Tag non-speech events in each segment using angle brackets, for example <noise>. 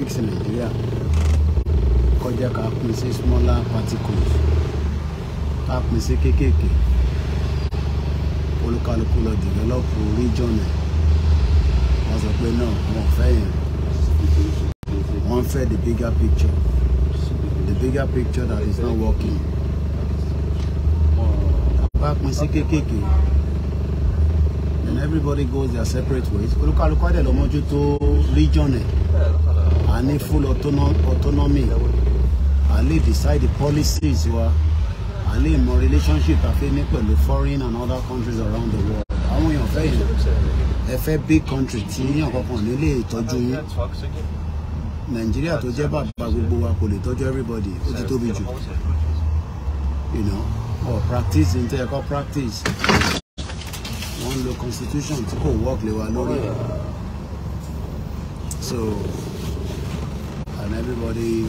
politics Nàìjíríà kọjá ká pín sí smaller particles ká pín sí kéékèèké olúkálukú lọ develop region ẹ̀ wọ́n sọ pé náà wọ́n fẹ́ yẹn wọ́n fẹ́ the bigger picture the bigger picture that is not working bá pín sí kéékèèké and everybody goes their separate ways olúkálukú adẹ̀ lọ mójútó region ẹ̀ a need full autonomy a lè decide the policies wa a lè mọ relationship a fẹ́ ní foreign and other countries around the world àwọn èèyàn fẹ́ yìí ẹ fẹ́ big country tí yàn kankan ní lè tọ́jú yín nàìjíríà tó jẹ́ bàbá gbogbo wa kò lè tọ́jú everybody ó ti tóbi jù you know or practice n tẹ ẹ practice wọ́n ń lo constitution tí kò work lé wa lórí so. and everybody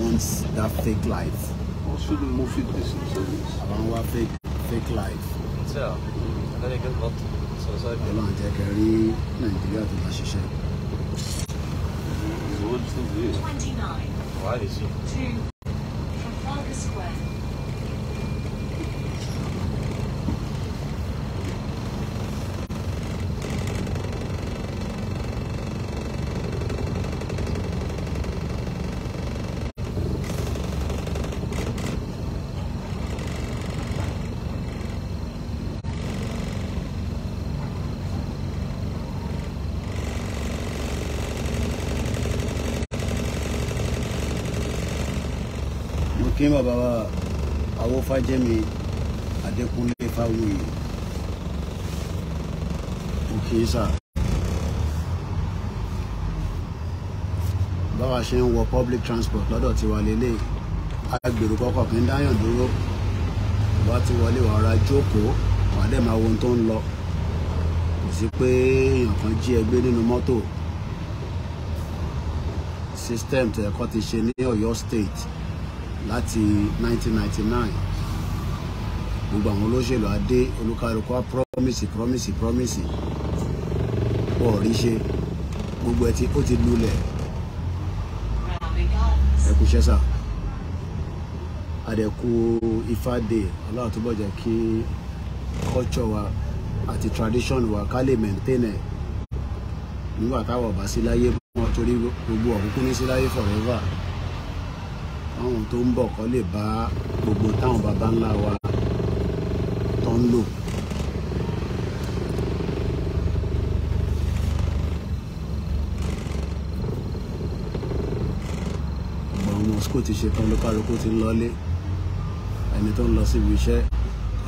wants that fake life. Also the movie business. Àwọn what fake fake life. Ṣé tó Twenty nine. Why is it? Two. kí bàbá wa Awófájẹ́mi Adékúnlé Fáwòyè òkè sà báwa ṣe ń wọ public transport lọ́dọ̀ tiwa lélẹ̀ agbèrò kọ́kọ́ kí n dáyàn dúró wá ti wọlé wàá ra jókòó wàá dẹ̀ máa wo ohun tó ń lọ kò sí pé èèyàn kan jí ẹgbẹ́ nínú mọ́tò system tẹ̀kọ́ ti ṣe ní Ọ̀yọ́ state láti 1999 gbogbo àwọn olóṣèlú adé olúkálukú á promise promise promise pọ̀ rí ṣe gbogbo ẹ̀ tí ó ti lulẹ̀ ẹkú ṣẹ́sà àdẹ̀kù ifáde ọlọ́run tó bọ̀jẹ̀ kí culture wa àti tradition wa ká lè maintain ẹ̀ nígbà táwọn ọba sí láyé mọ́ torí gbogbo ọ̀hún kú ní sí láyé forever káwọn tó ń bọ̀ kọ́ lè bá gbogbo táwọn baba ńlá wa tó ń lò. mosco ti ṣe tán lókàlókò ti ń lọlé ẹni tó ń lọ síbi iṣẹ́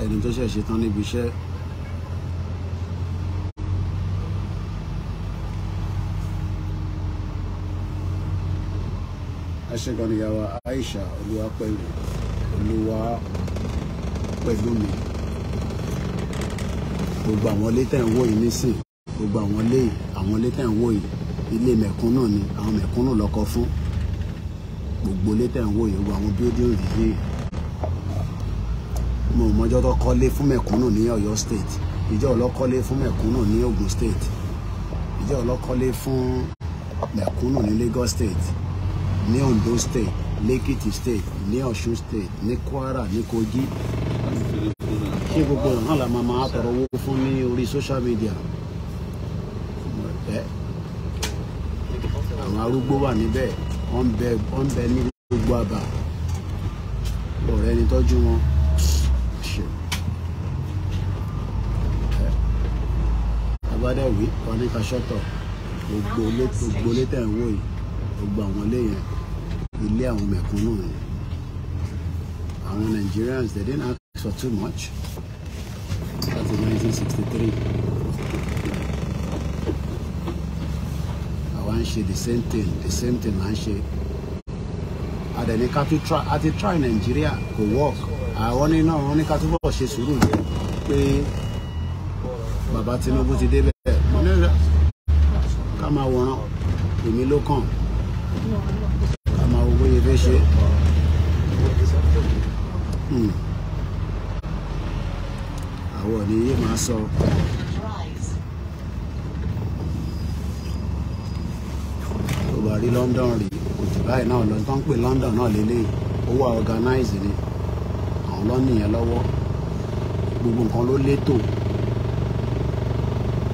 ẹni tó ṣẹ̀ ṣe tán níbi iṣẹ́ aṣẹ́gunìyàwó Aisha Olúwapẹ̀lú Olúwapẹ̀lúmi gbogbo àwọn ilé tẹ̀ ń wò yìí nísìn gbogbo àwọn ilé àwọn ilé tẹ̀ ń wò yìí ilé mẹ̀kúnnù ni àwọn mẹ̀kúnnù lọ́kọ fún gbogbo ilé tẹ̀ ń wò yìí gbogbo àwọn buildings yìí mo mọjọ́ tó kọ́lé fún mẹ̀kúnnù ní Ọ̀yọ́ state ìjọ ọlọ́kọ́lé fún mẹ̀kúnnù ní Ògùn state ìjọ ọlọ́kọ́lé fún mẹ̀kúnnù ní Lagos state ní Ondo state lẹ́kìtì state ní Ọ̀ṣun state ní Kwara ní Kogi ṣé gbogbo ìhàn la máa máa tọrọ owó fún ní orí social media ẹ àwọn arúgbó wà níbẹ̀ wọ́n bẹ wọ́n bẹ ní gbogbo àbà ọ̀rẹ́ ni tọ́jú wọn. abádẹ́wì wọn ní ká ṣọ́tọ̀ gbogbo létẹ̀ ń wò yìí gbogbo àwọn ilé ilé àwọn mẹ̀kúnnù ni àwọn Nigerians they didn't ask for too much that's in 1963 àwa ń ṣe the same thing the same thing à ń ṣe àdẹ̀ni ká tún try àti try Nigeria kò work àwọn ní náà wọn ní ká túbọ̀ ṣe sùúrù yẹn pé bàbá Tinubu ti débẹ̀ ká máa wòran èmi ló kàn ká máa wo bóyá fẹ́ ṣe. Hmm. àwọn ni yé máa sọ. tó bá rí London rí òtí báyìí náà lọ tó ń pè London náà lélẹ́yìí ó organize ni àwọn lọ́nìyàn lọ́wọ́ gbogbo nǹkan ló létò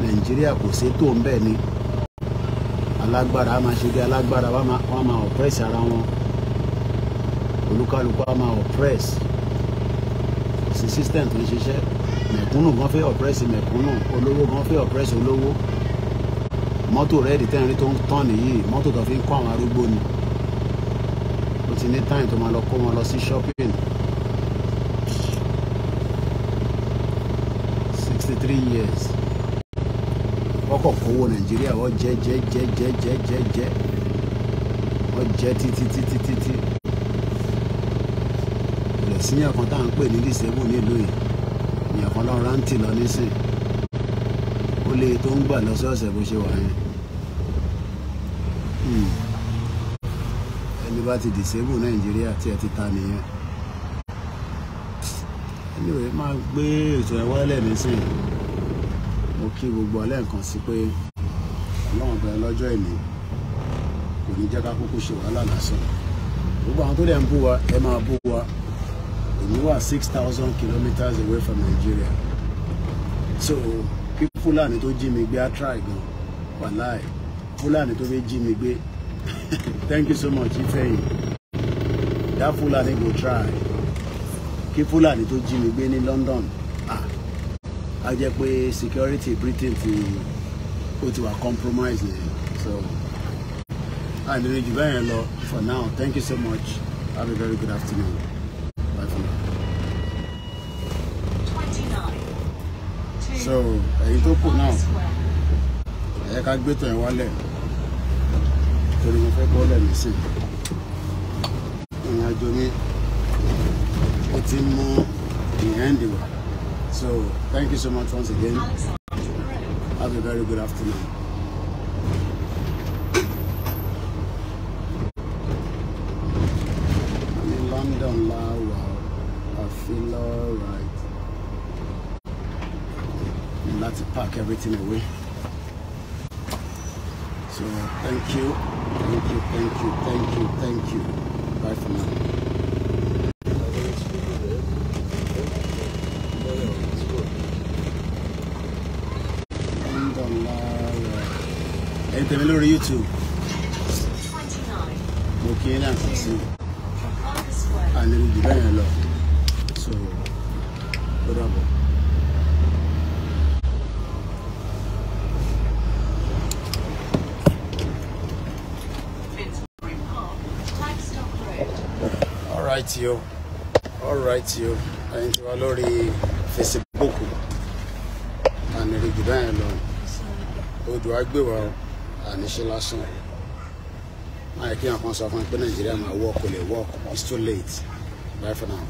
Nàìjíríà kò sétò ń bẹ̀ ni alágbára á máa ṣe bí alágbára wọ́n máa oppress ara wọn olúkálùkù á máa oppress sí system tó ń ṣiṣẹ́ mẹ̀kúnnù gan fẹ́ oppress mẹ̀kúnnù olówó gan fẹ́ oppress olówó mọ́tò rẹ́ẹ̀dì tẹ́rin tó ń tàn nìyí mọ́tò tó fi ń kó àwọn arúgbó ni ó ti ní táyìn tó máa lọ kó wọn lọ sí shopping sixty three years wọ́n kọ̀ kówó nàìjíríà wọ́n jẹ́ jẹ́ jẹ́ jẹ́ jẹ́ jẹ́ jẹ́ wọ́n jẹ́ títí títí títí rẹ̀ síyàn kan tá à ń pè ní dísẹ́bù nílùú yìí ìyàn kan lọ rántí lọ nísìn ó lè tó ń gbà lọ́sọ̀ọ̀sẹ̀ bó ṣe wà yẹn hmm. ẹni bá ti dísẹ́bù nàìjíríà tí ẹ ti ta nìyẹn anyway máa gbé ètò ẹ̀ wálẹ̀ nísìn mo kí gbogbo ọlẹ́ǹkan sí pé ọlọ́run bẹ̀rẹ̀ lọ́jọ́ ìní kò ní jẹ́ ká kúkú ṣe wàhálà lásán gbogbo àwọn tó dẹ̀ ń bú wa ẹ máa bú wa èmi wà six thousand kilometres away from Nigeria so kí fúlàní tó jí mi gbé á try gan wàláì fúlàní tó fi jí mi gbé <laughs> thank you so much ifeyin that fúlàní go try kí fúlàní tó jí mi gbé ní London a jẹ́ pé security Britain ti ó ti wà compromise nìyẹn so I need bẹ́ẹ̀ yẹn lọ for now thank you so much have a very good afternoon so èyí tó kù náà ẹ ká gbé tó yẹn wálẹ̀ torí mo fẹ́ bọ́ọ̀lẹ̀ mi sí ìrìn àjò mi ó ti mú ìhẹ́ǹdì wá. So thank you so much once again. Have a very good afternoon. I'm in London now. I feel alright. I'm to pack everything away. So thank you, thank you, thank you, thank you, thank you. Bye for now. ẹ tẹ̀mí lórí YouTube mo kí ní àkọsí àlejò bẹ́ẹ̀ yẹn lọ so ó dàbọ̀. all right yo all right yo ẹ̀yin tí wà lórí Facebook àlejò bẹ́ẹ̀ yẹn lọ odò àgbèwà o alright yo alright yo eyin ti wa lori facebook alejo bee Oh, do I agbewa o àníṣe lásán máa yẹ kí àwọn kan sọ fún mi pé nàìjíríà máa wọ́ọ̀kù lè wọ́ọ̀kù it's too late bye for now.